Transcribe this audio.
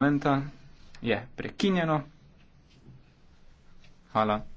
parlamenta je prekinjeno. Hvala.